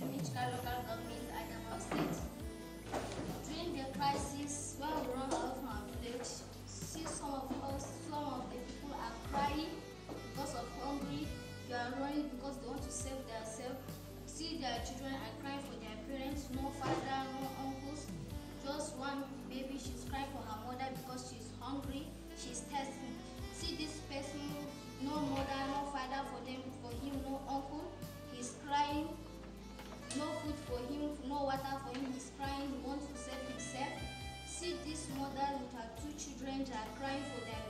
local government and our state. During the crisis, when we run out from our village, see some of us, some of the people are crying because of hungry, they are running because they want to save themselves. See their children are crying for their parents, no father, no uncles. Just one baby, she's crying for her mother because she's hungry, she's thirsty. water for him is crying, he wants to save himself. See this mother with her two children that are crying for their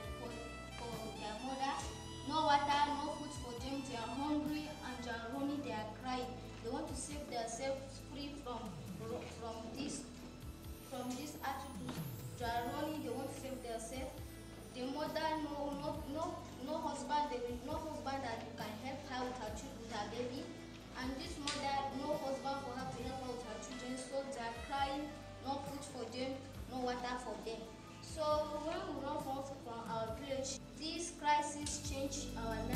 them, no water for them. So when we run from our village, this crisis changed our life.